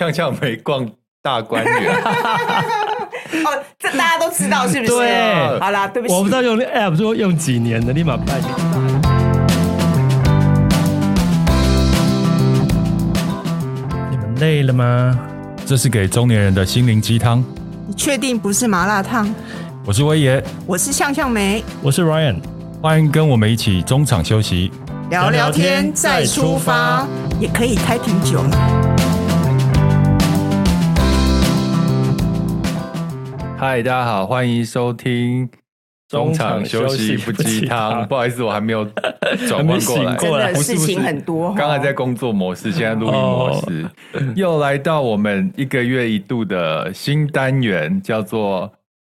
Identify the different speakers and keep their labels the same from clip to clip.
Speaker 1: 向向梅逛大觀
Speaker 2: 園，哦，這大家都知道是不是？ 好啦，對不起，我不知
Speaker 1: 道用 app 說用幾年的立馬拜你
Speaker 3: 你們累了嗎？這是給中年人的心靈雞湯。
Speaker 2: 你確定不是麻辣燙？
Speaker 3: 我是崴爺，我是嗆嗆梅，我是 Ryan，歡迎跟我們一起中場休息，
Speaker 2: 聊聊天，聊天再出發，再出發也可以開瓶酒。嗯
Speaker 3: 嗨，大家好，歡迎收聽中場休息不雞湯、湯。不好意思， 我還沒有轉換過來、過來事情很多，哦。剛才在工作模式，現在錄音模式，oh. 又來到我們一個月一度的新單元，叫做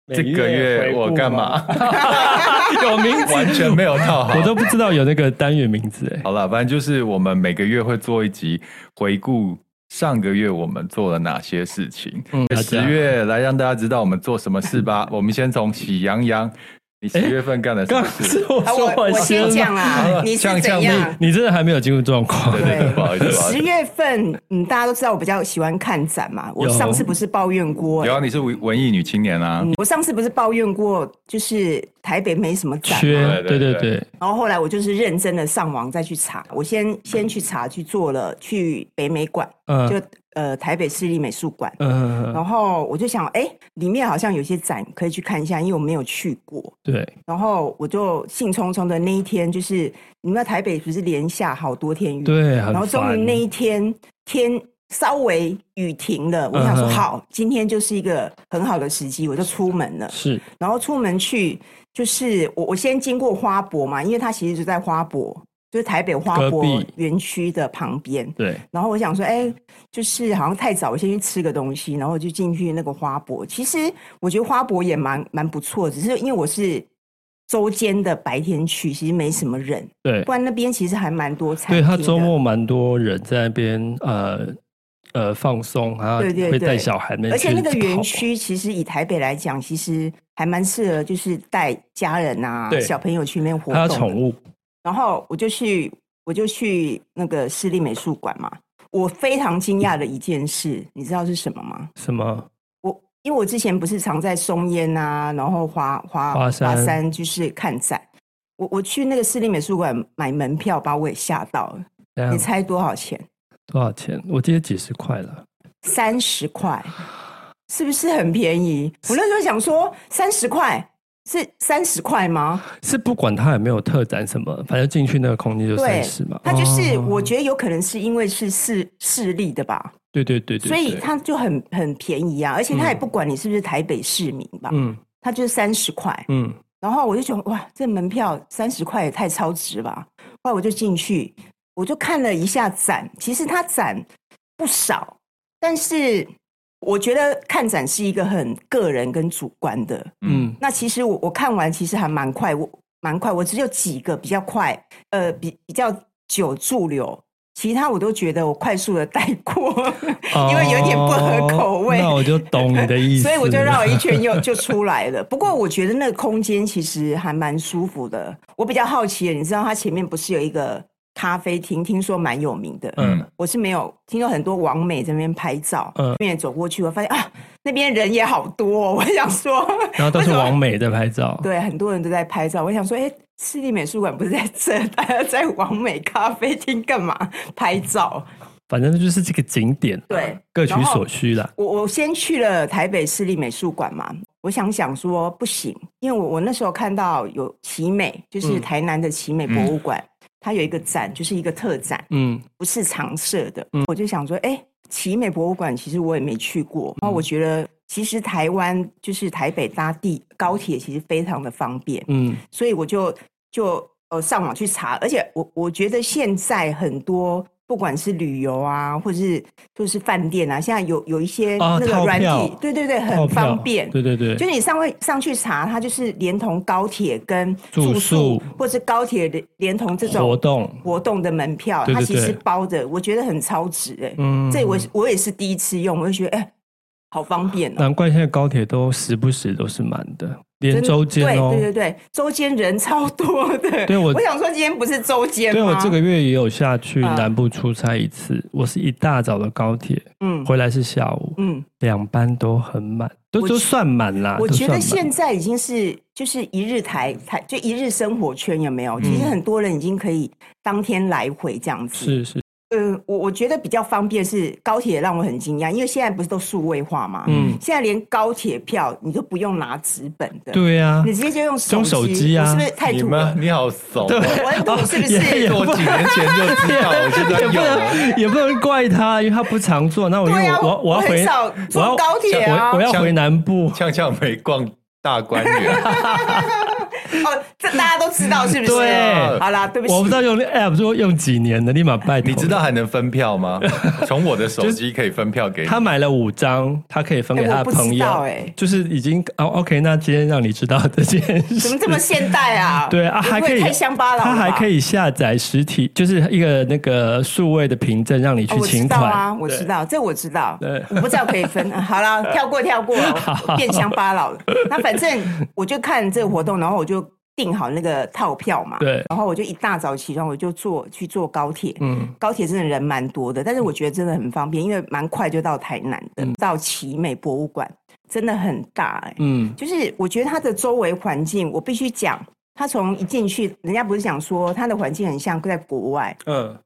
Speaker 3: 這個月我幹嘛？
Speaker 1: 有名字完全沒有套。我都
Speaker 3: 不知道有那個單元名字。欸，好了，反正就是我們每個月會做一集回顧。上個月我們做了哪些事情？嗯，十月來讓大家知道我們做什麼事吧。 我們先從《喜羊羊》。你十月份幹了什
Speaker 2: 麼？是、啊、我我先講啦！你是怎樣講講
Speaker 3: 你？你真的還沒有進入狀況？對，對，對不好意思。十
Speaker 2: 月份，嗯，大家都知道我比較喜歡看展嘛。我上次不是抱怨過、啊，有啊，你是
Speaker 3: 文藝女青年啊。嗯、
Speaker 2: 我上次不是抱怨過，就是台北沒什麼展、啊，缺對，對對對。然後後來我就是認真的上網再去查，我先先去查去做了，去北美館，嗯、呃，就。呃，台北市立美術館，uh, 然後我就想，哎，裡面好像有些展可以去看一下，因為我沒有去過。對。然後我就興沖沖的那一天，就是你們在台北不是連下好多天雨？對。然後終於那一天天稍微雨停了，我想說，uh, 好，今天就是一個很好的時機，我就出門了。是。然後出門去，就是我我先經過花博嘛，因為它其實就在花博。就是台北花博園區的旁邊。對。然後我想說，哎，就是好像太早，我先去吃個東西，然後就進去那個花博。其實我覺得花博也蠻蠻不錯，只是因為我是周間的白天去，其實沒什麼人。對。不然那邊其實還蠻多餐廳的。對，他周末
Speaker 1: 蠻多人在那邊，呃呃放鬆，還有會帶小孩那邊去。而且那個園區
Speaker 2: 其實以台北來講，其實還蠻適合，就是帶家人啊、小朋友去那邊活動。他有寵物。然後我就去，我就去那個市立美術館嘛。我非常驚訝的一件事，嗯，你知道是什麼嗎？什麼？我因為我之前不是常在松菸啊，然後華華山、山就是看展。我我去那個市立美術館買門票，把我也嚇到了。你猜多少錢？
Speaker 1: 多少錢？我記得幾十塊了。
Speaker 2: 三十塊，是不是很便宜？我那時候想說，三十塊。是三十塊嗎？是不管
Speaker 1: 他有沒有特展什麼，反正進去那個空間就三十嘛。他就是我
Speaker 2: 覺得有可能是因為是市市立的吧。對
Speaker 1: 對對對。所以他
Speaker 2: 就很很便宜啊，而且他也不管你是不是台北市民吧。嗯。他就是三十塊。嗯。然後我就覺得哇，這門票三十塊也太超值吧。後來我就進去，我就看了一下展，其實他展不少，但是。我覺得看展是一個很個人跟主觀的，嗯，那其實我我看完其實還蠻快，我蠻快，我只有幾個比較快，呃，比比較久駐留，其他我都覺得我快速的帶過，哦，因為有點不合口味，那我就懂你的意思，所以我就繞了一圈又就出來了。 不過我覺得那個空間其實還蠻舒服的，我比較好奇的，你知道它前面不是有一個？咖啡廳聽說蠻有名的，嗯，我是沒有聽到很多網美在那邊拍照，嗯，前面走過去，我發現啊，那邊人也好多，哦，我想說，
Speaker 1: 然後都是網美在拍照，
Speaker 2: 對，很多人都在拍照，我想說，哎、欸，市立美術館不是在這，大家在網美咖啡廳幹嘛拍照？
Speaker 1: 反正就是這個景點，對，各取所需的。
Speaker 2: 我我先去了台北市立美術館嘛，我想想說不行，因為我我那時候看到有奇美，就是台南的奇美博物館。嗯嗯它有一個展，就是一個特展，嗯，不是常設的。嗯、我就想說，哎、欸，奇美博物館其實我也沒去過，然後、嗯、我覺得其實台灣就是台北搭地高鐵其實非常的方便，嗯，所以我就就呃上網去查，而且我我覺得現在很多。不管是旅遊啊，或是就是飯店啊，現在有有一些那個軟體、啊，對對對，很方便，對對對。就是、你上會上去查，它就是連同高鐵跟住宿，住宿或是高鐵連同這種活動活動的門票，它其實包的對對對，我覺得很超值哎、欸。嗯，這我我也是第一次用，我就覺得哎、欸，好方便、喔。
Speaker 1: 難怪現在高鐵都時不時都是滿的。連周間哦，對對
Speaker 2: 對，對，周間人超多的。 對我，我想說，今天不是周間嗎？對，我這個
Speaker 1: 月也有下去南部出差一次，呃、我是一大早的高鐵，嗯，回來是下午，嗯，兩班都很滿，都都算滿了。我覺得現
Speaker 2: 在已經是就是一日台台，就一日生活圈有沒有、嗯？其實很多人已經可以當天來回這樣子。是是。我、嗯、我覺得比較方便是高鐵，讓我很驚訝，因為現在不是都數位化嘛，嗯，現在連高鐵票你都不用拿紙本的，對呀、啊，你直接就用手機啊，是不是？你們
Speaker 3: 你好慫，
Speaker 2: 對，我是不是？我幾年前就
Speaker 1: 知道， 也不能也不能怪他，因為他不常坐，
Speaker 3: 那我因為我、啊我，啊、我要回我要高鐵啊，我要回南部，嗆嗆梅沒逛大觀園。
Speaker 2: 哦，這大家都知道是不是？對，好啦，對不起，我不知道
Speaker 3: 用 app、欸、說用幾年的立馬拜，你知道還能分票嗎？ 從我的手機可以分票給你。他買了五張，他可以分
Speaker 1: 給他的朋友。哎、欸欸，就是已經哦，OK，那今天讓你知道這件事，怎麼這麼
Speaker 2: 現代啊？對啊，還可以鄉巴佬，他還可
Speaker 1: 以下載實體，就是一個那個數位的憑證，讓你去請款啊、哦。我知
Speaker 2: 道，這我知道對，我不知道可以分。啊、好了，跳過跳過， 變鄉巴佬了。那反正我就看這個活動，然後我就。訂好那個套票嘛，對，然後我就一大早起床，我就坐去坐高鐵，嗯，高鐵真的人蠻多的，但是我覺得真的很方便，嗯，因為蠻快就到台南的，嗯，到奇美博物館真的很大，欸，哎，嗯，就是我覺得它的周圍環境，我必須講，它從一進去，人家不是講說它的環境很像在國外，嗯，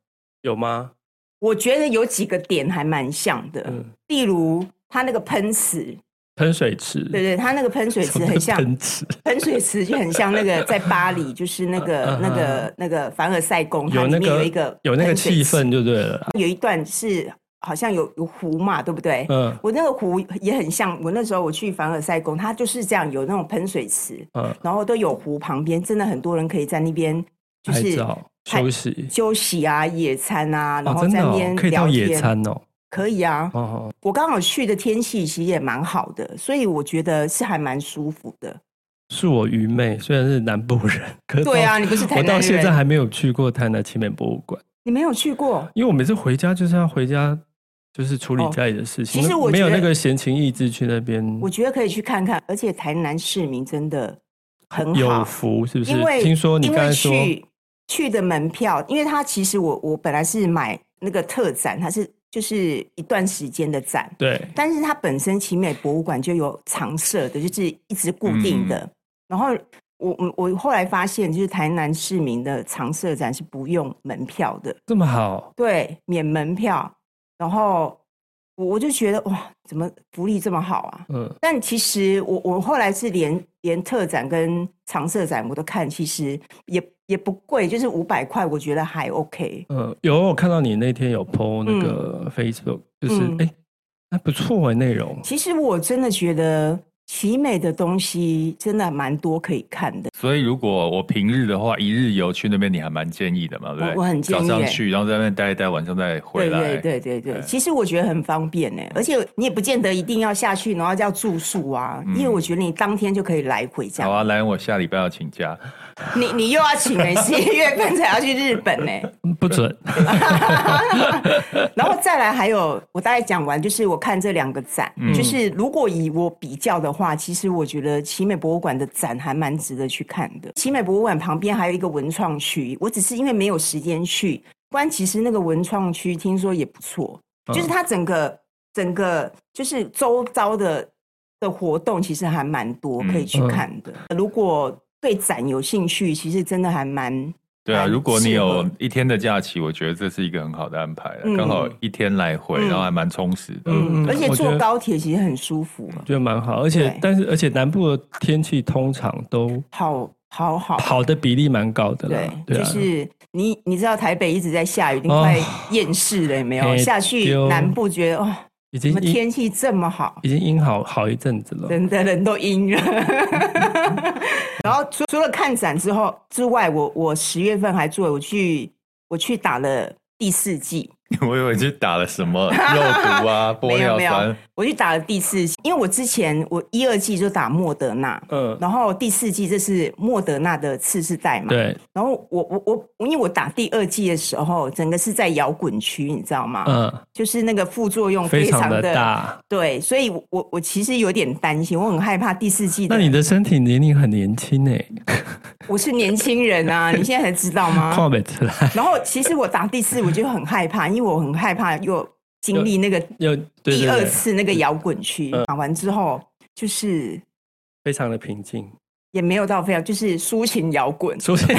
Speaker 2: 有嗎？我覺得有幾個點還蠻像的，嗯，例如它那個噴池。
Speaker 1: 噴水池，對
Speaker 2: 對、對，它那個噴水池很像噴水池，噴水池就很像那個在巴黎，就是那個 那個那個凡爾賽宮裡面有一個有那個氣氛，
Speaker 1: 就對了，
Speaker 2: 有一段是好像有有湖嘛，對不對？嗯，我那個湖也很像，我那時候我去凡爾賽宮，它就是這樣有那種噴水池，嗯，然後都有湖旁邊，真的很多人可以在那邊就是早休息休息啊，野餐啊，然後在那邊聊天，、哦哦、可以到野餐哦。可以啊，哦，我剛好去的天氣其實也蠻好的，所以我覺得是還蠻舒服的。
Speaker 1: 恕我愚昧，雖然是南部人，可是對啊，你不是台南人，我到現在還沒有去過台南奇美博物館，
Speaker 2: 你沒有去過，
Speaker 1: 因為我每次回家就是要回家，就是處理家裡的事情，哦、其實我沒有那個閒情逸致去那邊。
Speaker 2: 我覺得可以去看看，而且台南市民真的很好，有
Speaker 1: 福是不是？因為聽說你剛才說去
Speaker 2: 去的門票，因為他其實我我本來是買那個特展，他是。就是一段時間的展，對。但是它本身奇美博物館就有常設的，就是一直固定的。嗯。然後我我後來發現，就是台南市民的常設展是不用門票的，這麼好。對，免門票。然後。我就覺得哇，怎麼福利這麼好啊？嗯，但其實我我後來是連連特展跟長色展我都看，其實也也不貴，就是五百塊，我覺得還 OK。
Speaker 1: 嗯，有我看到你那天有 po 那個 Facebook，、嗯、就是哎、嗯欸，那還不錯的內容。
Speaker 2: 其實我真的覺得。奇美的東西真的蠻多可以看的，
Speaker 3: 所以如果我平日的話，一日遊去那邊，你還蠻建議的嘛？對，我很建議。早上去，然後在那邊待一待，晚上再回來。對對對,
Speaker 2: 對對對其實我覺得很方便呢、欸，嗯、而且你也不見得一定要下去，然後要叫住宿啊，嗯、因為我覺得你當天就可以來回家。
Speaker 3: 好啊，來，我下禮拜要請假。
Speaker 2: 你你又要請、欸？十一月份才要去日本呢、欸，
Speaker 3: 不准 。
Speaker 2: 然後再來，還有我大概講完，就是我看這兩個展，嗯、就是如果以我比較的話。話，其實我覺得奇美博物館的展還蠻值得去看的。奇美博物館旁邊還有一個文創區，我只是因為沒有時間去。但其實那個文創區聽說也不錯，就是它整個整個就是周遭的的活動其實還蠻多可以去看的。如果對展有興趣，其實真的還蠻。對啊，如果你
Speaker 3: 有一天的假期，我覺得這是一個很好的安排的，剛、嗯、好一天來回，嗯、然後還蠻充實的嗯嗯。嗯，
Speaker 1: 而且坐高
Speaker 2: 鐵其實很舒服、
Speaker 1: 啊，
Speaker 3: 覺得蠻好。而且，但
Speaker 1: 是而且南部的天氣通常都
Speaker 2: 好，好好好好
Speaker 1: 的比例蠻高的。對，對啊、就是
Speaker 2: 你你知道台北一直在下雨，已、嗯、經快厭世了，有沒有下去南部覺得哦。已經天氣這麼好，已經
Speaker 1: 陰好好一陣子了，
Speaker 2: 真的人都陰了。 嗯嗯嗯。然後除除了看展之後之外我，我我十月份還做，我去我去打了第四季。
Speaker 3: 我以為就打了什麼 肉毒啊， 玻尿
Speaker 2: 酸。我就打了第四季，因為我之前我一二季就打莫德納，嗯，然後第四季這是莫德納的次世代嘛，對，然後我我我因為我打第二季的時候，整個是在搖滾區，你知道嗎？嗯，就是那個副作用非常的,非常的大，對，所以我我我其實有點擔心，我很害怕第四季。那你
Speaker 1: 的身體年齡很年輕誒、欸，
Speaker 2: 我是年輕人啊，你現在才知道嗎？ 看不出來。然後其實我打第四，我就很害怕，因為我很害怕又經歷那個又
Speaker 1: 第二次
Speaker 2: 那個搖滾區，打完之後就是非常的平靜，也沒有到非常就是抒情搖滾。抒情，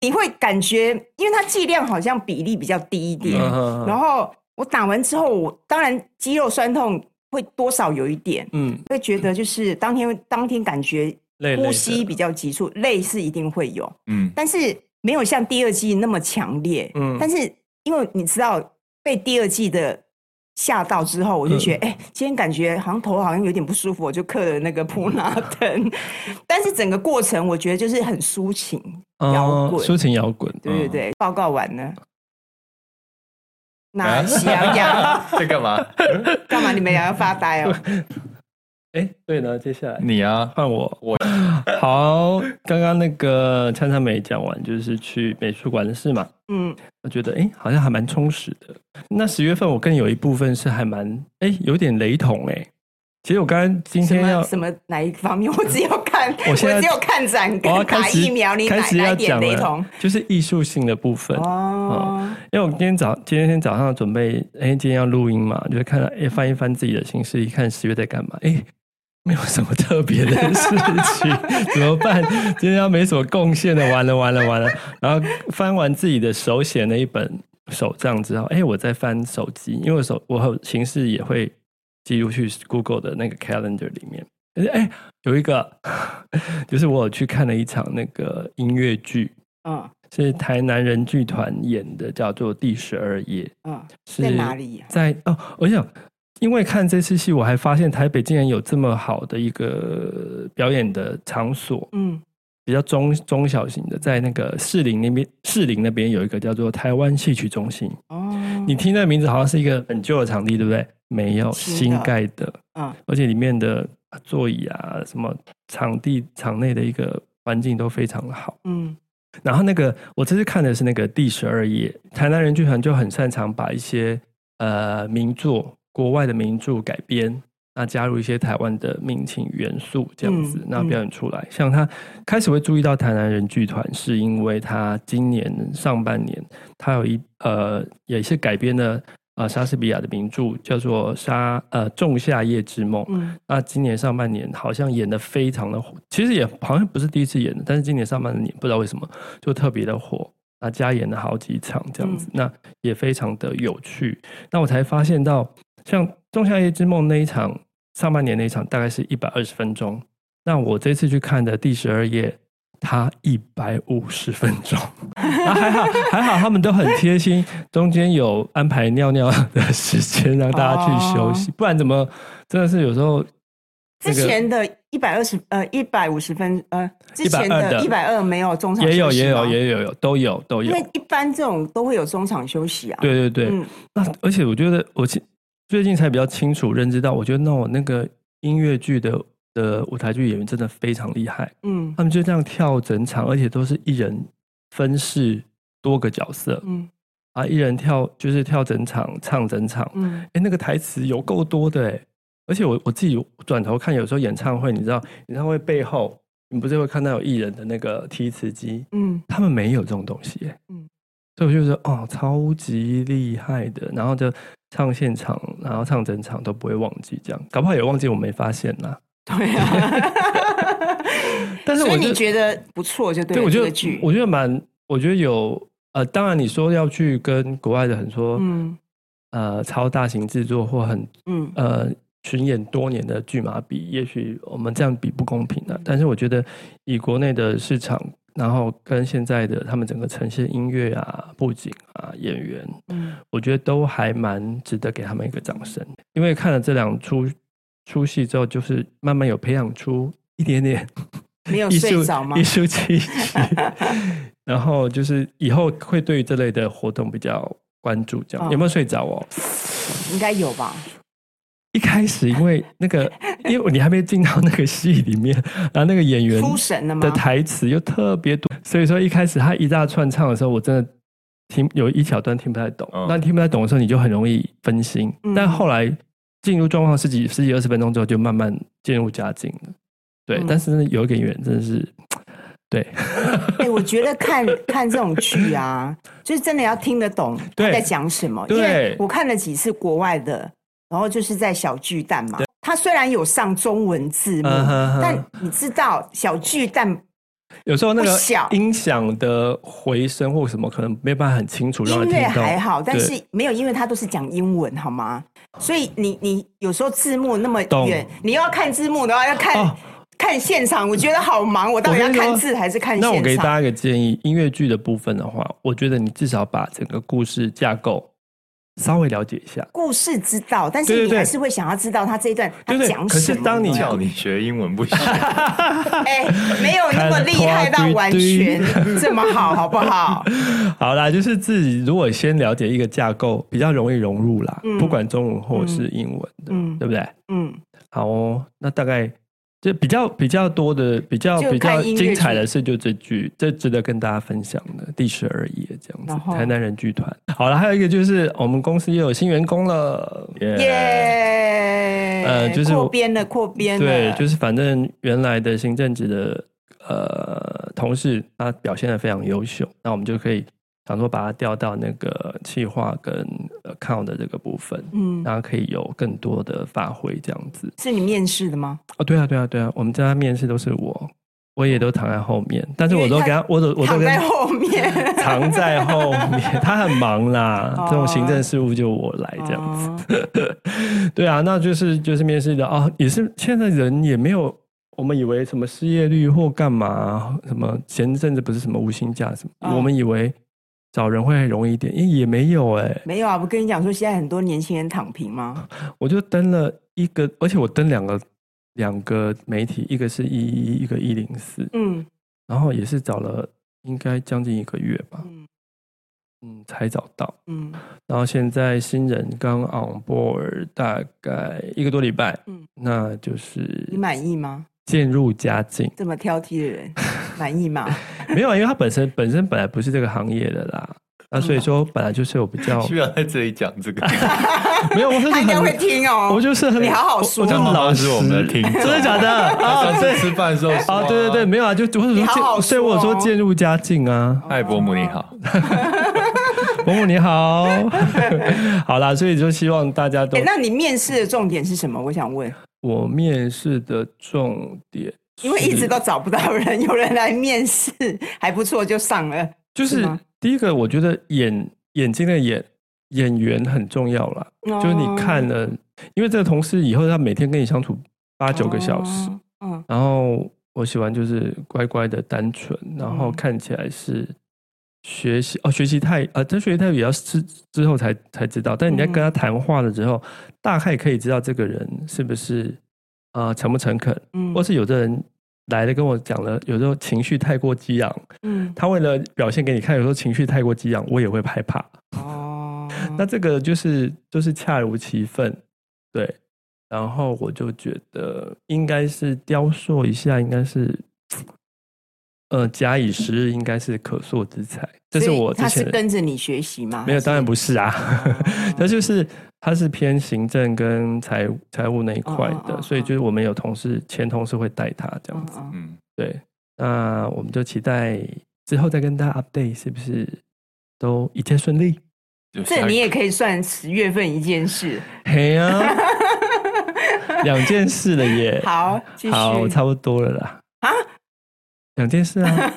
Speaker 2: 你會感覺，因為它劑量好像比例比較低一點。 然後我打完之後，我當然肌肉痠痛會多少有一點，嗯，會覺得就是當天當天感覺呼吸比較急促，累，累，累是一定會有，嗯，但是。沒有像第二季那麼強烈，嗯，但是因為你知道被第二季的嚇到之後，我就覺得，哎、嗯欸，今天感覺好像頭好像有點不舒服，我就嗑了那個普拿疼。但是整個過程我覺得就是很抒情、嗯、搖滾，抒
Speaker 1: 情搖滾，對
Speaker 2: 不對？嗯、報告完了，那喜羊羊在幹嘛？幹嘛？你們倆要發呆哦？
Speaker 1: 哎，對呢，接
Speaker 2: 下
Speaker 3: 來你啊，換
Speaker 1: 我，我好。剛剛那個嗆嗆梅沒講完，就是去美術館的事嘛。嗯，我覺得哎，好像還蠻充實的。那十月份我更有一部分是還蠻哎，有點雷同哎。其實我剛剛今天要什麼、什
Speaker 2: 麼哪一方面？我只有看，呃、我，現在我只有看展，我要、啊、打疫苗你，你打一點雷同，
Speaker 1: 就是藝術性的部分哦、嗯。因為我今天早今天早上準備，哎，今天要錄音嘛，就是、看到哎翻一翻自己的行事，一看十月在幹嘛，哎。沒有什麼特別的事
Speaker 2: 情，
Speaker 1: 怎麼辦？今天要沒什麼貢獻的，完了完了完了。然後翻完自己的手寫那一本手賬之後，哎，我再翻手機，因為我手我，我形式也會記錄去 Google 的那個 Calendar 裡面。哎，有一個，就是我有去看了一場那個音樂劇，哦，是台南人劇團演的，叫做《第十二夜》哦。是在在哪裡啊？在哦，我想，因為看這次戲，我還發現台北竟然有這麼好的一個表演的場所，嗯，比較中中小型的，在那個士林那邊，士林那邊有一個叫做台灣戲曲中心。哦，你聽那名字好像是一個很舊的場地，對不對？沒有，新，新蓋的，啊，而且裡面的座椅啊，什麼場地場內的一個環境都非常的好，嗯。然後那個我這次看的是那個《第十二夜》，台南人劇團就很擅長把一些呃名作。國外的名著改編，那加入一些台灣的民情元素，這樣子、嗯，那表演出來、嗯。像他開始會注意到台南人劇團，是因為他今年上半年，他有一呃，也是改編的啊莎士比亞的名著，叫做莎、呃、呃《仲夏夜之夢》嗯。那今年上半年好像演得非常的火，其實也好像不是第一次演的，但是今年上半年不知道為什麼就特別的火，那加演了好幾場這樣子、嗯，那也非常的有趣。那我才發現到。像《仲夏夜之夢》那一場，上半年那一場大概是一百二十分鐘。那我這次去看的第十二夜，它一百五十分鐘、
Speaker 2: 啊。還好
Speaker 1: 還好，他們都很貼心， 中間有安排尿尿的時間讓大家去休息、哦，不然怎麼真的是有時候、
Speaker 2: 這個。之前的一百二十呃，一百五十分呃，之前的一百二沒有中場休息，也有也有也
Speaker 1: 有，有都有都有，因為
Speaker 2: 一般這種都會有中場休息啊。對對對，嗯、
Speaker 1: 那而且我覺得我。最近才比較清楚認知到，我覺得那我那個音樂劇的的舞台劇演員真的非常厲害，嗯，他們就這樣跳整場，而且都是一人分飾多個角色，嗯，啊，一人跳就是跳整場唱整場，嗯，哎、欸，那個台詞有夠多的，而且我我自己轉頭看，有時候演唱會，你知道，演唱會背後你不是會看到有藝人的那個提詞機，嗯，他們沒有這種東西，嗯。所以我就說、是、哦，超級厲害的，然後就唱現場，然後唱整場都不會忘記這樣，搞不好也忘記，我沒發現啦。對啊哈！哈 哈
Speaker 2: 但是我你覺得不錯，就對。我覺得、這個、
Speaker 1: 我覺得蠻，我覺得有呃，當然你說要去跟國外的很說，
Speaker 2: 嗯
Speaker 1: 呃，超大型制作或很嗯呃巡演多年的劇碼比，也許我們這樣比不公平的，啊嗯。但是我覺得以國內的市場。然後跟現在的他們整個呈現音樂啊、布景啊、演員，嗯，我覺得都還蠻值得給他們一個掌聲。因為看了這兩出出戲之後，就是慢慢有培養出一點點
Speaker 2: 沒有睡着 嗎？藝術氣息，
Speaker 1: 然後就是以後會對這類的活動比較關注，這樣、哦、有沒有睡着哦？應該有吧。一開始因為那個，因為你還沒進到那個戲裡面，然後那個演員出神了嘛、的台詞又特別多，所以說一開始他一大串唱的時候，我真的聽，有一小段聽不太懂。那、嗯、聽不太懂的時候，你就很容易分心。嗯、但後來進入狀況十幾十幾二十分鐘之後，就慢慢漸入佳境了。對，嗯、但是有點遠，真的是對。
Speaker 2: 哎、欸，我覺得看看這種劇啊，就是真的要聽得懂他在講什麼，對。因為我看了幾次國外的。然後就是在小巨蛋嘛，它雖然有上中文字幕，uh -huh. 但你知道小巨蛋小有時候那個
Speaker 1: 音響的回聲或什麼可能沒辦法很清楚讓你聽到。音樂還好，但是
Speaker 2: 沒有，因為它都是講英文，好嗎？所以你你有時候字幕那麼遠，懂你要看字幕的話，要看、哦、看現場，我覺得好忙。我到底要看字還是看現場？那我給大家一個
Speaker 1: 建議：音樂劇的部分的話，我覺得你至少把整個故事架構。稍微了解一下故
Speaker 2: 事知道，但是你還是會想要知道他這一段他講什麼？對對對對對對。可是當你講，叫
Speaker 3: 你學英文不行。
Speaker 2: 哎、 欸，沒有那麼厲害到完全、嗯、 這麼好，好不好？
Speaker 1: 好啦，就是自己如果先了解一個架構，比較容易融入啦。嗯、不管中文或是英文的、嗯，對不對？嗯，好哦。那大概。就比較比較多的比較比較精彩的事，就這句就，這值得跟大家分享的，第十二頁這樣子。台南人劇團，好了，還有一個就是我們公司又有新員工了，耶、yeah!
Speaker 2: yeah!！呃，就是擴編的，擴編的。對，就是
Speaker 1: 反正原來的行政職的呃同事，他表現得非常優秀，那我們就可以。想說把它調到那個企劃跟 account 的這個部分，嗯，然後可以有更多的發揮這樣子。
Speaker 2: 是你面試的嗎？
Speaker 1: 啊、哦，對啊，對啊，對啊，我們家面試都是我，我也都躺在後面，嗯、但是我都給他，我都我都跟在後面，躺在後
Speaker 2: 面
Speaker 1: 藏在後面。他很忙啦，這種行政事務就我來、哦、這樣子。 對啊，那就是就是面試的啊、哦，也是現在人也沒有我們以為什麼失業率或幹嘛，什麼前陣子不是什麼無薪假、哦、什麼我們以為。找人會很容易一點，因為也沒有哎，
Speaker 2: 沒有啊！我跟你講說，現在很多年輕人躺平嗎？
Speaker 1: 我就登了一個，而且我登兩個兩個媒體，一個是一一一一，一個一零四，嗯，然後也是找了應該將近一個月吧，嗯，嗯，才找到，嗯，然後現在新人剛 on board 大概一個多禮拜，嗯，那就是，
Speaker 2: 你滿意嗎？
Speaker 1: 漸入佳境，
Speaker 2: 這麼挑剔的人滿意嗎？
Speaker 1: 沒有啊，因為他本身本身本來不是這個行業的啦，那、 啊、所以說本來就是我比較
Speaker 3: 需要在這裡講這個。
Speaker 1: 沒有，我是很應會聽哦。我就是很你好好說、哦，講的老師我們在聽， 真的假的？啊， 是吃飯的時候說 啊，對，對對對，沒有啊，就，我，就好好說、哦、我說，所以我說漸入佳境啊。哎，伯母你好， 伯母你好， 好啦，所以就希望大家都。欸、那你
Speaker 2: 面試的重點是什麼？我想問。
Speaker 1: 我面試的重點，因為一直都
Speaker 2: 找不到人，有人來面試還不錯，就上了。就是第一個，
Speaker 1: 我覺得眼眼睛的眼眼緣很重要啦，oh. 就是你看了，因為這個同事以後他每天跟你相處八九個小時，嗯、oh. oh.，然後我喜歡就是乖乖的、單純，然後看起來是。學習哦，學習太啊，真、呃、學習太比較之之後才才知道。但你在跟他談話的時候、嗯，大概可以知道這個人是不是啊誠、呃、不誠懇、嗯，或是有的人來了跟我講了，有時候情緒太過激昂，嗯，他為了表現給你看，有時候情緒太過激昂，我也會害怕哦。 那這個就是就是恰如其分，對。然後我就覺得應該是雕塑一下，應該是。呃，假以時日，應該是可塑之才。這是我之前。他是跟
Speaker 2: 着你學習嗎？沒
Speaker 1: 有，當然不是啊。他 就是，他是偏行政跟財務、財務那一塊的。Oh, oh, oh, oh. 所以就是我們有同事，前同事會帶他這樣子。嗯、oh, oh.，對。那我們就期待之後再跟大家 update，是不是都一切順利？這你也可
Speaker 2: 以算十月份一件事。 嘿呀、啊，
Speaker 1: 兩件事了耶。
Speaker 2: 好，繼續，好，差
Speaker 1: 不多了啦。啊？
Speaker 3: 兩件事啊，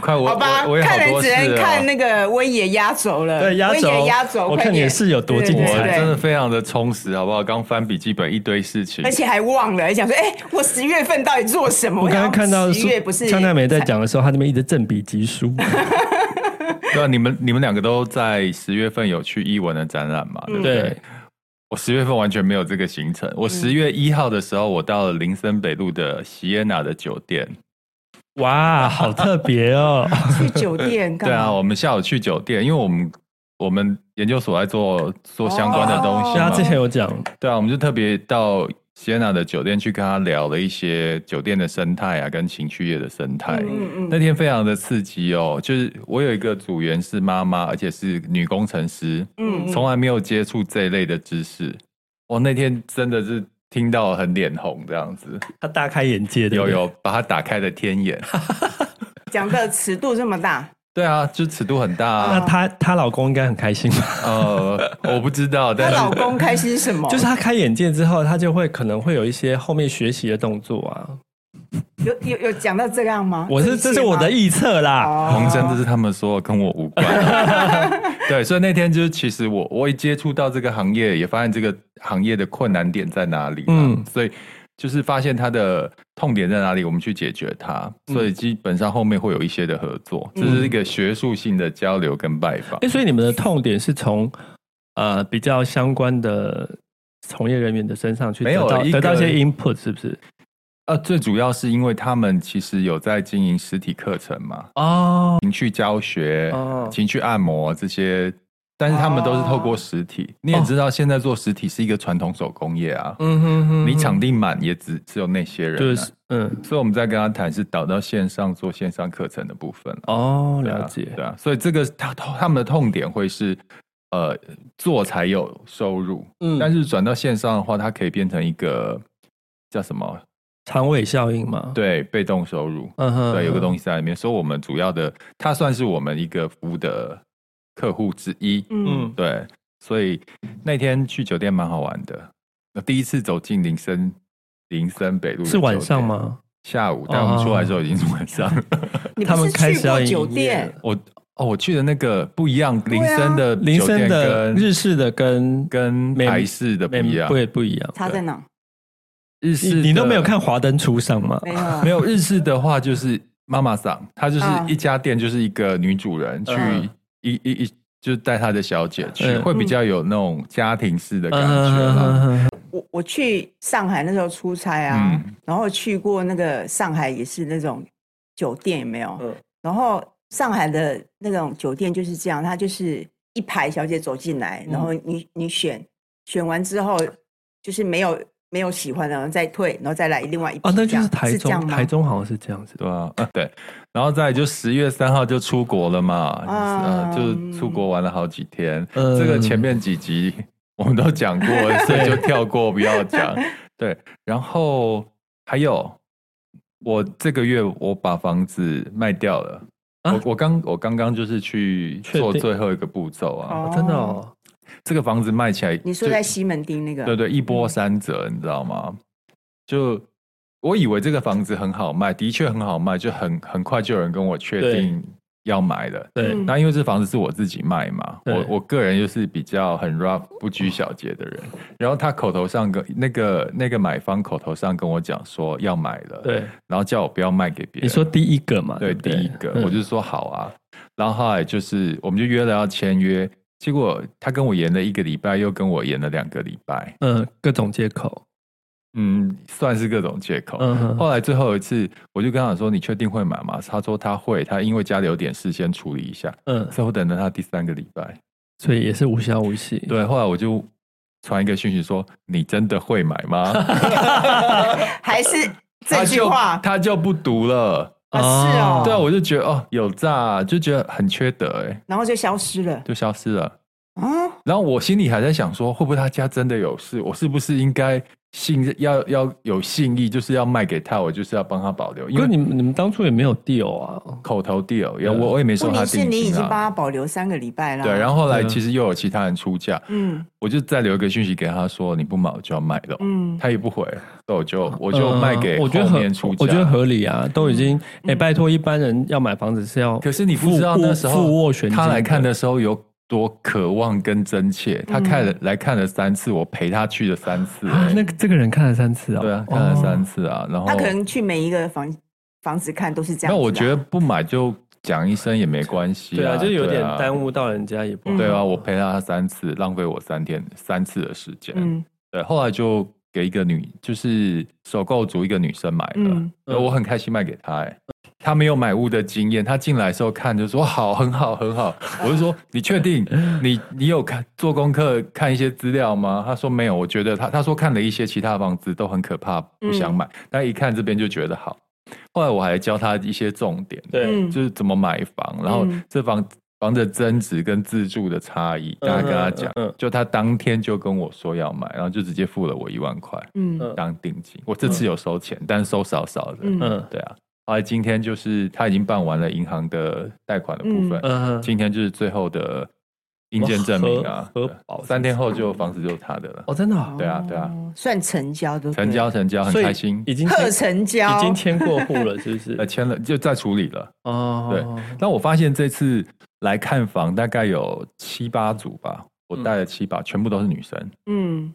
Speaker 3: 快 我好吧，看人只能看那
Speaker 2: 個崴爺壓軸了，對壓軸崴爺壓軸，我看你的事有多精彩，真的
Speaker 3: 非常的充實，好不好？剛翻筆記本一堆事情，而
Speaker 2: 且還忘了想說，哎，我十月份到底做什麼？我剛剛看到，十月不是嗆嗆梅在講的
Speaker 1: 時候，他那邊一直振筆疾書。
Speaker 3: 對、啊、你們你們兩個都在十月份有去藝文的展覽嘛？對，對對我十月份完全沒有這個行程。我十月一號的時候，我到了林森北路的喜安娜的酒店。哇，好特別哦、喔！ 去酒店幹嘛？對啊，我們下午去酒店，因為我們我們研究所在做做相關的東西。他、oh, oh, oh. 啊、之前有講，對啊，我們就特別到西安娜的酒店去跟她聊了一些酒店的生態啊，跟情趣業的生態。嗯嗯，那天非常的刺激哦、喔，就是我有一個組員是媽媽，而且是女工程師，嗯，從來沒有接觸這一類的知識。我、嗯、那天真的是。聽到很臉紅這樣子，她大開眼界對對，有有把她打開的天眼，
Speaker 2: 講 的尺度這麼大，
Speaker 3: 對啊，就尺度很大、啊嗯。那她她老公應該很開心吧？呃、嗯，我不知道，她 老公
Speaker 2: 開心什麼？就是她開
Speaker 1: 眼界之後，她就會可能會有一些後面學習的動作啊。
Speaker 2: 有有有講到這樣嗎？我是這，這是我的預測
Speaker 3: 啦，紅、oh. 真這是他們說跟我無關。 對，所以那天就是其實我我一接觸到這個行業，也發現這個行業的困難點在哪裡。嗯，所以就是發現它的痛點在哪裡，我們去解決它。所以基本上後面會有一些的合作，嗯、這是一個學術性的交流跟拜訪。哎、嗯，
Speaker 1: 所以你們的痛點是從、呃、比較相關的從業人員的身上去得到沒有得到一些 input，
Speaker 3: 是不是？呃、啊，最主要是因為他們其實有在經營實體課程嘛，哦、oh，情趣教學、oh. 情趣按摩這些，但是他們都是透過實體。Oh. 你也知道，現在做實體是一個傳統手工業啊，嗯哼哼，你場地滿也只只有那些人、啊，對、 就是。嗯，所以我們在跟他談是導到線上做線上課程的部分、啊。
Speaker 1: 哦、oh，了解
Speaker 3: 對、啊，對啊，所以這個他他們的痛點會是，呃，做才有收入，嗯，但是轉到線上的話，它可以變成一個叫什麼？長尾效應嘛，對，被動收入，嗯哼，對，有個東西在裡面。所以我們主要的，它算是我們一個服務的客戶之一。嗯，對，所以那天去酒店蠻好玩的，第一次走進林森林森北路，是晚上嗎？下午，但我們出來的時候已經是晚上了。哦、 你不是去過酒店？ 酒店 我哦，我去的那個不一樣，林森的，啊、林森的，的日式的跟跟台式
Speaker 1: 的不一樣，不
Speaker 3: 不一樣，差在哪？日式你，你都沒有看華燈初上嗎？沒有、啊、 沒有日式的話，就是媽媽桑，她就是一家店，就是一個女主人去一一一，就帶她的小姐去，嗯、會比較有那種家庭式的感覺、
Speaker 2: 嗯、我我去上海那時候出差啊，嗯、然後去過那個上海也是那種酒店，有沒有？嗯、然後上海的那種酒店就是這樣，它就是一排小姐走進來，然後你你選選完之後就是沒有。沒有喜歡然後再退，然後再來另外一步。啊，那就是台
Speaker 1: 中是，台中好像
Speaker 3: 是這樣子，對吧、啊啊？對，然後再就十月三號就出國了嘛，嗯、就是就出國玩了好幾天、嗯。這個前面幾集我們都講過，嗯、所以就跳過 不要講。對，然後還有，我這個月我把房子賣掉了。啊、我我剛我剛剛就是去做最後一個步驟啊，哦、啊真的、哦。這個房子賣起來，你說在西
Speaker 2: 門町那個？對對，
Speaker 3: 一波三折，你知道嗎？就我以為這個房子很好賣，的確很好賣，就很很快就有人跟我確定要買了。對，那因為這房子是我自己賣嘛，我我個人又是比較很 rough、不拘小節的人。然後他口頭上跟那個那個買方口頭上跟我講說要買了，對，然後叫我不要賣給別人。你說第一個嘛？對，第一個，我就說好啊。然後後來就是我們就約了要簽約。結果他跟我延了一個禮拜，又跟我延了兩個禮拜。嗯，各種借口，嗯，算是各種借口。嗯哼。後來最後一次，我就跟他說：“你確定會買嗎？”他說他會，他因為家裡有點事先處理一下。嗯，最後等到他第三個禮拜，所以也是無消無息。對，後來我就傳一個訊息說：“你真的會買嗎？”
Speaker 2: 還是這句話，他就，
Speaker 3: 他就不讀了。啊，是哦，對啊，我就覺得哦，有詐啊，就覺得很缺德誒，欸。然
Speaker 2: 後就消失了，就消失了，
Speaker 3: 嗯，然後我心裡還在想說，會不會他家真的有事，我是不是應該？信要要有信義，就是要賣給他，我就是要幫他保留。因為你們你們當初也沒有 deal 啊，口頭 deal，我、yeah. 我也沒收他定金啊。是你已經幫他
Speaker 2: 保留三個禮拜了。對，然後後來其實又
Speaker 3: 有其他人出價，嗯，我就再留一個訊息給他說，你不買我就要賣了。嗯，他也不回，我就、嗯、我就賣給後面出價。我覺得很我覺得合理啊，都已經哎、嗯欸，拜託一般人要買房子是要，可是你不知道那時候付斡旋他來看的時候有。多渴望跟真切，他看了來看了三次，我陪他去了三次了，嗯。那
Speaker 2: 這個人看
Speaker 1: 了三
Speaker 3: 次啊，對啊，看了三次啊，然後、哦、他可能
Speaker 2: 去每一個房房子看都是這樣。那我覺得
Speaker 3: 不買就講一聲也沒關係，啊嗯，對啊，就有點耽誤到人家也不、嗯、對啊。我陪他三次，浪費我三天三次的時間，嗯，對。後來就給一個女，就是首購族一個女生買的，嗯、所以我很開心賣給他、欸，哎。他沒有買屋的經驗，他進來的時候看就說好，很好，很好。 我就說，你確定你你有看做功課看一些資料嗎？他說沒有。我覺得他他說看了一些其他房子都很可怕，不想買。嗯、但一看這邊就覺得好。後來我還教他一些重點，對，就是怎麼買房，然後這房、嗯、房子增值跟自住的差異、嗯，大家跟他講、嗯。就他當天就跟我說要買，嗯、然後就直接付了我一萬塊，嗯，當定金。我這次有收錢，嗯、但是收少少的嗯，嗯，對啊。今天就是他已經辦完了銀行的貸款的部分、嗯呃，今天就是最後的硬件證明啊，三天後就房子就是他的了。哦，真的、哦，對啊，對啊，
Speaker 2: 算成交都成
Speaker 3: 交，成交很開心，已經賀成交，已經簽過戶了，是不是？ 呃，簽了就在處理了哦。對，那我發現這次來看房大概有七八組吧，嗯、我帶了七八，全部都是女生。嗯，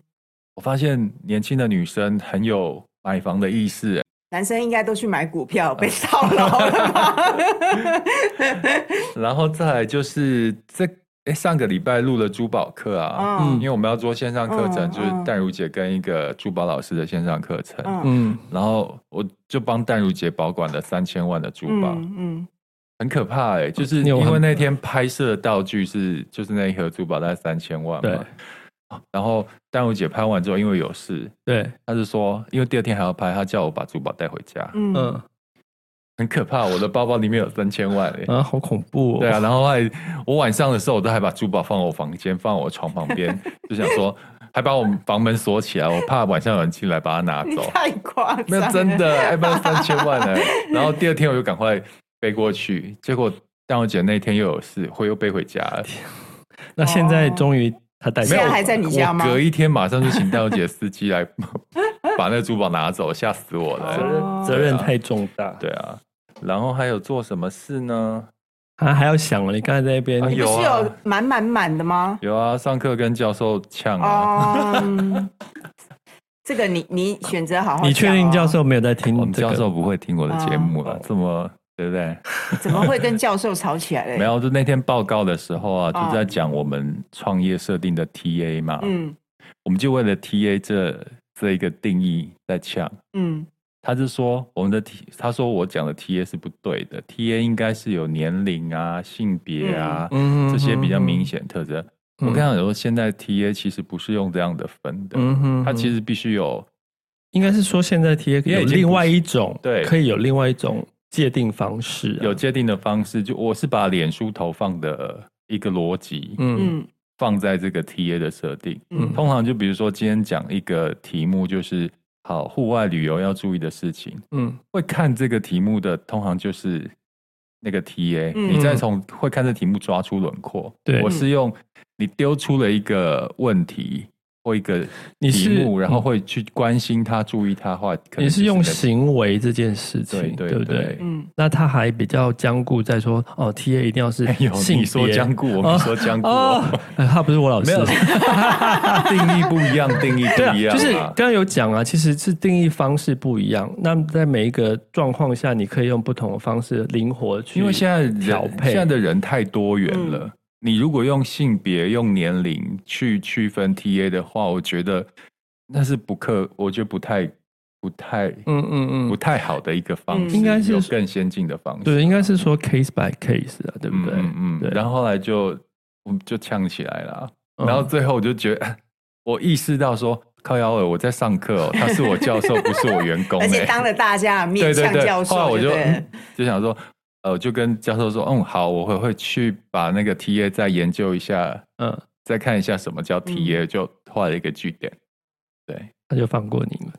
Speaker 3: 我發現年輕的女生很有買房的意識、欸。
Speaker 2: 男生應該都去買股票，被騷擾
Speaker 3: 了。 然後再來就是這，哎，上個禮拜錄了珠寶課啊，嗯，因為我們要做線上課程，嗯、就是淡如姐跟一個珠寶老師的線上課程，嗯，嗯然後我就幫淡如姐保管了三千萬的珠寶，嗯，嗯很可怕哎、欸，就是因為那天拍攝的道具是、嗯，就是那一盒珠寶大概三千萬嘛。對然後淡如姐拍完之後，因為有事，對，她就說，因為第二天還要拍，她叫我把珠寶帶回家。嗯，很可怕，我的包包裡面有三千萬，啊，好
Speaker 1: 恐怖、哦。對啊，然
Speaker 3: 後還我晚上的時候，我都還把珠寶放我房間，放我床旁邊， 就想說，還把我們房門鎖起來，我怕晚上有人進來把它拿走。
Speaker 2: 太誇張了，那真的，要不然三千萬呢？
Speaker 3: 然後第二天我就趕快背過去，結果淡如姐那天又有事，會又背回家了。
Speaker 1: 啊、 那現在終
Speaker 3: 於。他現在還在你家嗎？隔一天馬上就請大小姐司機來把那個珠寶拿走，嚇 死我了，啊！責任太重大，對啊。然後還有做什麼事呢？啊，還要想了。你剛才在那邊，啊，你是有
Speaker 2: 滿滿滿的嗎，
Speaker 3: 啊有啊？有啊，上課跟教授嗆啊。Oh, um,
Speaker 2: 這個你你選擇好好，啊，你確
Speaker 3: 定教授沒有在聽、這個？Oh, 教授不會聽我的節目了，oh, 啊，這麼。對不對？ 怎麼
Speaker 2: 會跟教授吵起來嘞？ 沒
Speaker 3: 有，就那天報告的時候啊，就在講我們創業設定的 TA 嘛、哦。嗯，我們就為了 TA 這這一個定義在嗆。嗯，他是說我們的 T，他說我講的 TA 是不對的，TA 應該是有年齡啊、性別啊、嗯、這些比較明顯的特徵、嗯。我剛剛有說現在 TA 其實不是用這樣的分的，嗯哼，它、嗯嗯、其實必須有，
Speaker 1: 應該是說現在 TA 可以有另外
Speaker 3: 一種，對，可以有另外一種界定方式，啊，有界定的方式，就我是把臉書投放的一個邏輯，嗯，放在這個 TA 的設定。嗯，通常就比如說今天講一個題目，就是好，戶外旅遊要注意的事情。嗯，會看這個題目的通常就是那個 TA，嗯，你再從會看這題目抓出輪廓。對，我是用你丟出了一個問題。或一個題目，你是然後會去關心他、嗯、注意他的話，你是用行為這件事情，對，對，對，對不對？嗯，
Speaker 1: 那他還比較僵固，在說哦，T A 一定要是。有，你說僵固，哦、我們說僵固、哦哦哎。他不是我老師。沒有 定義不一樣，定義不一樣、啊啊。就是剛剛有講啊，其實是定義方式不一樣。那在每一個狀況下，你可以用不同的方式靈活去。因為現在
Speaker 3: 現在的人太多元了。嗯你如果用性別、用年齡去區分 TA 的話，我覺得那是不可，我覺得不太、不太，嗯嗯嗯，不太好的一個方式，嗯、應該是有更先進的方
Speaker 1: 式。對，應該是說 case by case 啊，對不對？嗯嗯。
Speaker 3: 對，然後後來就我們就嗆起來了、啊嗯，然後最後我就覺得，我意識到說，靠夭，我在上課、喔，他是我教授，不是我員工、欸， 而且當
Speaker 2: 着大家的面，嗆教授對對對對。後來我就就、嗯、
Speaker 3: 就想說。呃，就跟教授說，嗯，好，我會會去把那個 TA 再研究一下，嗯，再看一下什麼叫 TA、嗯、就畫了一個句點，對，
Speaker 1: 他就放過你了，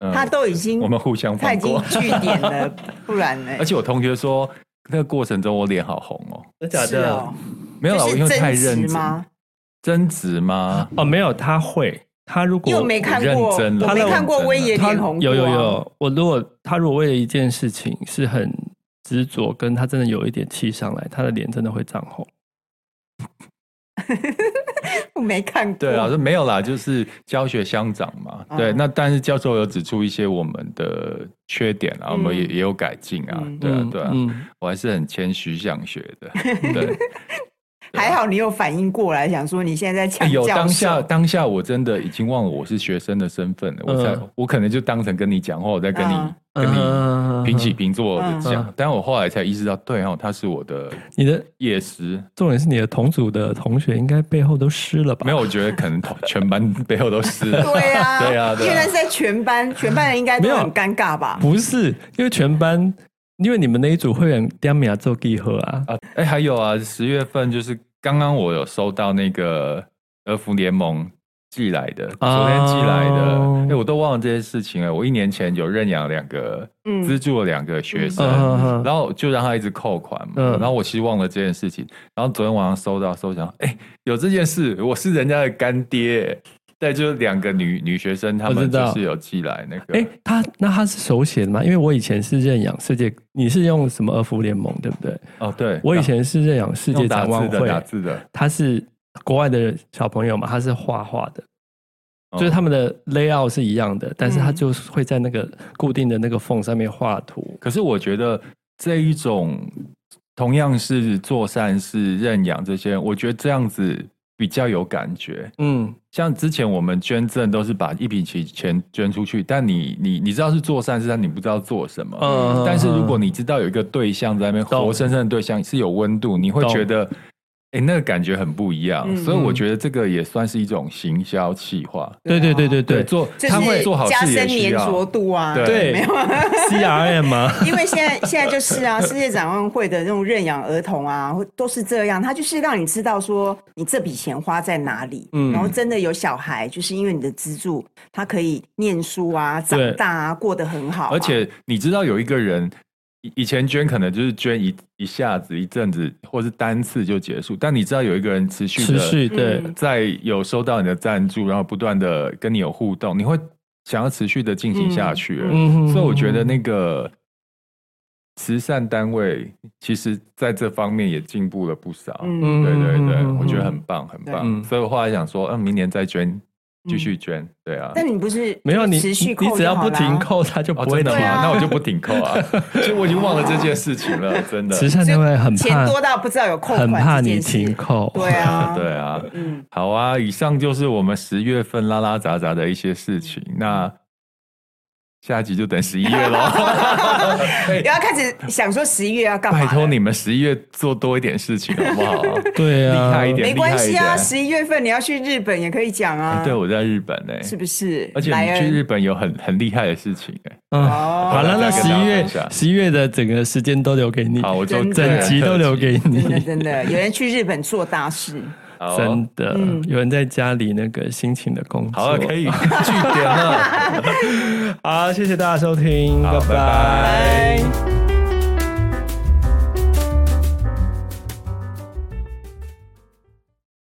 Speaker 1: 嗯、
Speaker 3: 他都
Speaker 2: 已經，我們互相放過，他已經句點了，不然呢、欸？ 而且
Speaker 3: 我同學說，那個過程中我臉好紅、喔、哦，真的沒有，就是、我因為太認真，真實嗎，嗎？哦，沒有，他會，他如果
Speaker 2: 我認真了他認真了，我沒看過，他沒看過崴爺臉紅，有有有，
Speaker 1: 我如果他如果為了一件事情是很，執着跟他真的有一點氣上來，他的臉真的會漲紅。
Speaker 2: 我沒看過，對啊，老
Speaker 3: 師沒有啦，就是教學相長嘛、嗯。對，那但是教授有指出一些我們的缺點啊，我們也、嗯、也有改進啊、嗯。對啊，對啊，嗯、我還是很謙虛想學的。對。
Speaker 2: 還好你有反應過來，想說你現在在嗆教授。有當下
Speaker 3: 當下，當下我真的已經忘了我是學生的身份了。嗯、我我可能就當成跟你講話，我在跟你、嗯、跟你平起平坐的講、嗯嗯。但我後來才意識到，嗯、對哈，他是我的夜，你的業師重點是你的同組的同學應該背後都濕了吧？沒有，我覺得可能全班背後都濕了 對、啊 對啊。
Speaker 2: 對啊對呀、啊，因為是在全班， 全班人應該沒有很尷尬吧？不
Speaker 1: 是，因為全班。因為你們那一組會員點名做集合啊，啊！啊，
Speaker 3: 哎，還有啊，十月份就是剛剛我有收到那個兒福聯盟寄來的、啊，昨天寄來的，哎、欸，我都忘了這件事情了。我一年前有認養兩個，資助了兩個學生、嗯，然後就讓他一直扣款嘛、嗯。然後我其實忘了這件事情，然後昨天晚上收到，收想，哎、欸，有這件事，我是人家的乾爹。對，就是兩個女女學生，她們就是有寄來那個。哎，
Speaker 1: 她那她是手寫的嗎？因為我以前是認養世界，你是用什麼兒福聯盟對不對？哦，對，我以前是認養世界展望會打，打字的，他是國外的小朋友嘛，他是畫畫的、嗯，就是他們的 layout 是一樣的，但是他就會在那個固定的那個縫上面畫圖。嗯、可
Speaker 3: 是我覺得這一種同樣是做善事、認養這些，我覺得這樣子。比較有感覺，嗯，像之前我們捐贈都是把一筆錢捐出去，但你你你知道是做善事，但你不知道做什麼，嗯，但是如果你知道有一個對象在那邊，嗯，活生生的對象是有溫度，嗯，你會覺得。哎、欸，那個感覺很不一樣，嗯，所以我覺得這個也算是一種行銷企劃，嗯。對對對對對，做、就是、他會做好事業、就是、加深黏著
Speaker 2: 度啊。對，對
Speaker 3: 有沒有 CRM？啊、
Speaker 2: 因為現在現在就是啊，世界展望會的那種認養兒童啊，都是這樣，他就是讓你知道說你這筆錢花在哪裡，嗯，然後真的有小孩就是因為你的資助，他可以念書啊，長大啊，過得很好、啊。而且
Speaker 3: 你知道有一個人。以前捐可能就是捐、一一下子、一陣子，或是單次就結束。但你知道有一個人持續持續的在有收到你的贊助，然後不斷的跟你有互動，你會想要持續的進行下去、嗯嗯。所以我覺得那個慈善單位其實在這方面也進步了不少。嗯，對對對、嗯，我覺得很棒很棒。所以我後來想說，嗯、啊，明年再捐。繼續捐，對啊。但你
Speaker 2: 不是沒有你持續扣你你，你只要不停扣，
Speaker 3: 他就不會停、哦、真的嗎？啊、 那我就不停扣啊，其 實我已經忘了這件事情了，真的。時辰就會很怕錢多
Speaker 2: 到不知道有扣，很怕你停
Speaker 3: 扣對、啊。對啊，對啊。好啊。以上就是我們十月份拉拉雜雜的一些事情。那。下一集就等十一月咯，
Speaker 2: 又要開始想說十一月要幹嘛？拜託
Speaker 3: 你們十一月做多一點事情好不好？ 對啊，厲害一點，沒關係啊。十
Speaker 2: 一月份你要去日本也可以講啊、欸。對，
Speaker 3: 我在日本嘞、欸，是
Speaker 2: 不是？而且你要去日
Speaker 3: 本有很很厲害的事情哎、欸。哦
Speaker 2: 好了，那十一
Speaker 3: 月十一月的整個時間都留給你，好，我就整集都留給你真
Speaker 2: 真。真的，有人去日本做大事。
Speaker 1: 哦、真的、嗯，有人在家裡那個辛勤的工作，好了、啊，可以句點了。 好，謝謝大家收聽，拜拜。拜拜。